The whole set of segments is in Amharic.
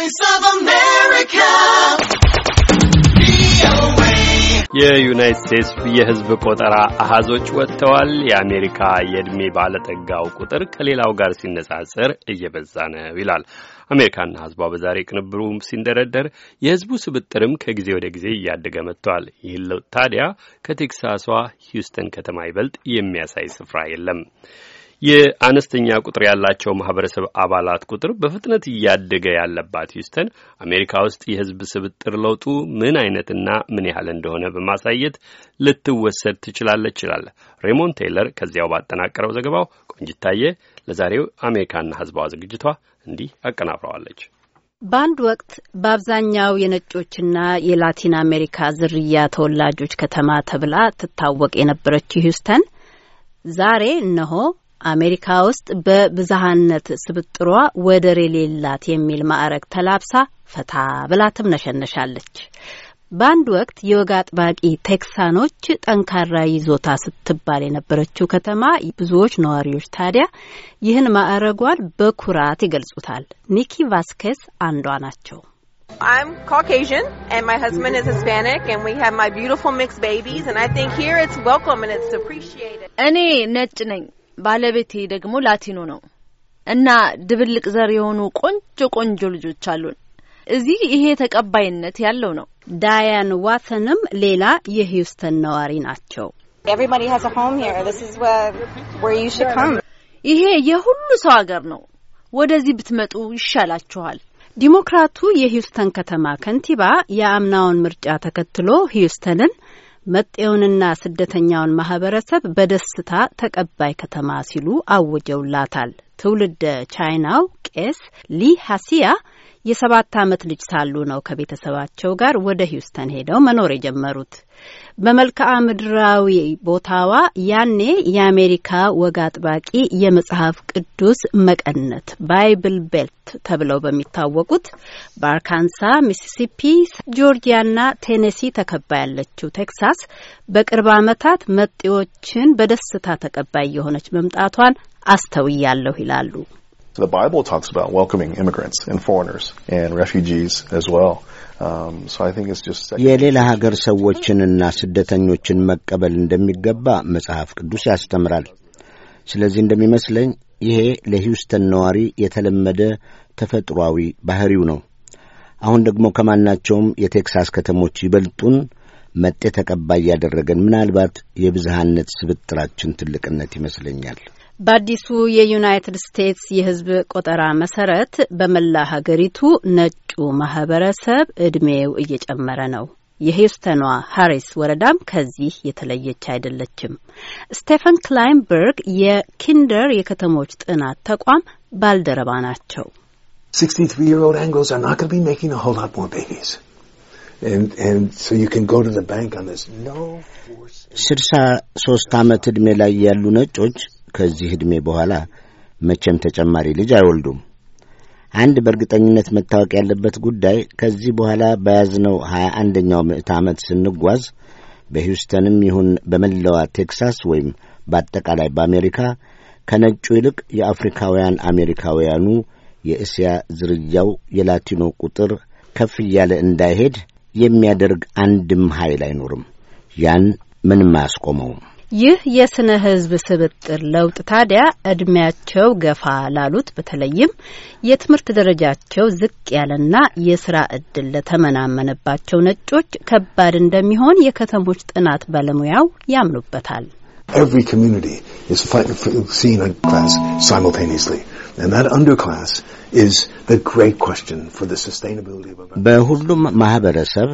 Voice of America. የዩናይት ስቴትስ የሕዝብ ቆጠራ አሃዞች ወጥተዋል። የአሜሪካ የዕድሜ ባለጠጋው ቁጥር ከሌላው ጋር ሲነጻጸር እየበዛ ነው ይላል። አሜሪካና ህዝቧ በዛሬ ቅንብሩ ሲንደረደር የህዝቡ ስብጥርም ከጊዜ ወደ ጊዜ እያደገ መጥቷል። ይህን ለውጥ ታዲያ ከቴክሳሷ ሂውስተን ከተማ ይበልጥ የሚያሳይ ስፍራ የለም። የአነስተኛ ቁጥር ያላቸው ማህበረሰብ አባላት ቁጥር በፍጥነት እያደገ ያለባት ሂውስተን አሜሪካ ውስጥ የህዝብ ስብጥር ለውጡ ምን አይነትና ምን ያህል እንደሆነ በማሳየት ልትወሰድ ትችላለች ይላል ሬሞንድ ቴይለር። ከዚያው ባጠናቀረው ዘገባው ቆንጅታየ ለዛሬው አሜሪካና ህዝባዋ ዝግጅቷ እንዲህ አቀናብረዋለች። በአንድ ወቅት በአብዛኛው የነጮችና የላቲን አሜሪካ ዝርያ ተወላጆች ከተማ ተብላ ትታወቅ የነበረችው ሂውስተን ዛሬ እነሆ አሜሪካ ውስጥ በብዝሃነት ስብጥሯ ወደር የሌላት የሚል ማዕረግ ተላብሳ ፈታ ብላ ትምነሸነሻለች። በአንድ ወቅት የወግ አጥባቂ ቴክሳኖች ጠንካራ ይዞታ ስትባል የነበረችው ከተማ ብዙዎች ነዋሪዎች ታዲያ ይህን ማዕረጓን በኩራት ይገልጹታል። ኒኪ ቫስኬስ አንዷ ናቸው። እኔ ነጭ ነኝ። ባለቤቴ ደግሞ ላቲኖ ነው እና ድብልቅ ዘር የሆኑ ቆንጆ ቆንጆ ልጆች አሉን። እዚህ ይሄ ተቀባይነት ያለው ነው። ዳያን ዋተንም ሌላ የሂውስተን ነዋሪ ናቸው። ይሄ የሁሉ ሰው አገር ነው። ወደዚህ ብትመጡ ይሻላችኋል። ዲሞክራቱ የሂውስተን ከተማ ከንቲባ የአምናውን ምርጫ ተከትሎ ሂውስተንን መጤውንና ስደተኛውን ማህበረሰብ በደስታ ተቀባይ ከተማ ሲሉ አውጀውላታል። ትውልደ ቻይናው ቄስ ሊ ሀሲያ የሰባት ዓመት ልጅ ሳሉ ነው ከቤተሰባቸው ጋር ወደ ሂውስተን ሄደው መኖር የጀመሩት። በመልክዓ ምድራዊ ቦታዋ ያኔ የአሜሪካ ወግ አጥባቂ የመጽሐፍ ቅዱስ መቀነት ባይብል ቤልት ተብለው በሚታወቁት በአርካንሳ፣ ሚሲሲፒ፣ ጆርጂያና ቴኔሲ ተከባ ያለችው ቴክሳስ በቅርብ ዓመታት መጤዎችን በደስታ ተቀባይ የሆነች መምጣቷን አስተውያለሁ ይላሉ። the Bible talks about welcoming immigrants and foreigners and refugees as well. Um, so I think it's just የሌላ ሀገር ሰዎችንና ስደተኞችን መቀበል እንደሚገባ መጽሐፍ ቅዱስ ያስተምራል። ስለዚህ እንደሚመስለኝ ይሄ ለሂውስተን ነዋሪ የተለመደ ተፈጥሯዊ ባህሪው ነው። አሁን ደግሞ ከማናቸውም የቴክሳስ ከተሞች ይበልጡን መጤ ተቀባይ ያደረገን ምናልባት የብዝሃነት ስብጥራችን ትልቅነት ይመስለኛል። በአዲሱ የዩናይትድ ስቴትስ የሕዝብ ቆጠራ መሰረት በመላ ሀገሪቱ ነጩ ማህበረሰብ እድሜው እየጨመረ ነው። የሂውስተኗ ሃሪስ ወረዳም ከዚህ የተለየች አይደለችም። ስቴፈን ክላይንበርግ የኪንደር የከተሞች ጥናት ተቋም ባልደረባ ናቸው። ስልሳ ሶስት ዓመት ዕድሜ ላይ ያሉ ነጮች ከዚህ ዕድሜ በኋላ መቼም ተጨማሪ ልጅ አይወልዱም። አንድ በእርግጠኝነት መታወቅ ያለበት ጉዳይ ከዚህ በኋላ በያዝነው ሀያ አንደኛው ምዕት ዓመት ስንጓዝ በሂውስተንም ይሁን በመላዋ ቴክሳስ ወይም በአጠቃላይ በአሜሪካ ከነጩ ይልቅ የአፍሪካውያን አሜሪካውያኑ የእስያ ዝርያው የላቲኖ ቁጥር ከፍ እያለ እንዳይሄድ የሚያደርግ አንድም ኃይል አይኖርም። ያን ምንም አያስቆመውም። ይህ የስነ ህዝብ ስብጥር ለውጥ ታዲያ እድሜያቸው ገፋ ላሉት በተለይም የትምህርት ደረጃቸው ዝቅ ያለና የስራ እድል ለተመናመነባቸው ነጮች ከባድ እንደሚሆን የከተሞች ጥናት ባለሙያው ያምኑበታል። በሁሉም ማህበረሰብ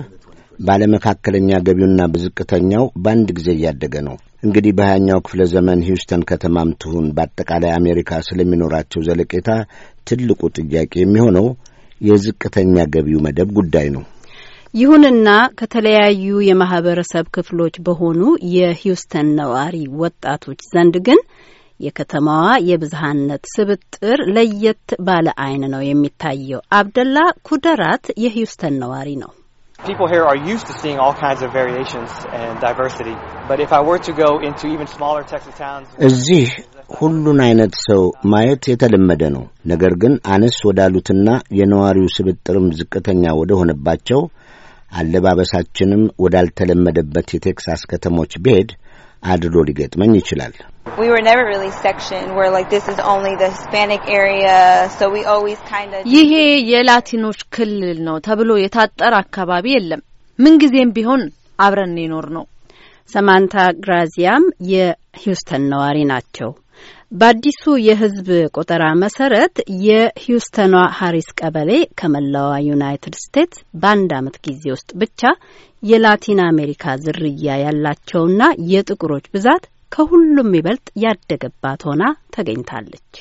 ባለመካከለኛ ገቢውና ብዝቅተኛው በአንድ ጊዜ እያደገ ነው። እንግዲህ በሀያኛው ክፍለ ዘመን ሂውስተን ከተማም ትሁን በአጠቃላይ አሜሪካ ስለሚኖራቸው ዘለቄታ ትልቁ ጥያቄ የሚሆነው የዝቅተኛ ገቢው መደብ ጉዳይ ነው። ይሁንና ከተለያዩ የማህበረሰብ ክፍሎች በሆኑ የሂውስተን ነዋሪ ወጣቶች ዘንድ ግን የከተማዋ የብዝሃነት ስብጥር ለየት ባለ አይን ነው የሚታየው። አብደላ ኩደራት የሂውስተን ነዋሪ ነው። People here are used to seeing all kinds of variations and diversity. But if I were to go into even smaller Texas towns... እዚህ ሁሉን አይነት ሰው ማየት የተለመደ ነው። ነገር ግን አነስ ወዳሉትና የነዋሪው ስብጥርም ዝቅተኛ ወደ ሆነባቸው አለባበሳችንም ወዳልተለመደበት የቴክሳስ ከተሞች ብሄድ አድሎ ሊገጥመኝ ይችላል። ይሄ የላቲኖች ክልል ነው ተብሎ የታጠረ አካባቢ የለም። ምንጊዜም ቢሆን አብረን የኖር ነው። ሰማንታ ግራዚያም የሂውስተን ነዋሪ ናቸው። በአዲሱ የህዝብ ቆጠራ መሰረት የሂውስተኗ ሀሪስ ቀበሌ ከመላዋ ዩናይትድ ስቴትስ በአንድ ዓመት ጊዜ ውስጥ ብቻ የላቲን አሜሪካ ዝርያ ያላቸውና የጥቁሮች ብዛት ከሁሉም ይበልጥ ያደገባት ሆና ተገኝታለች።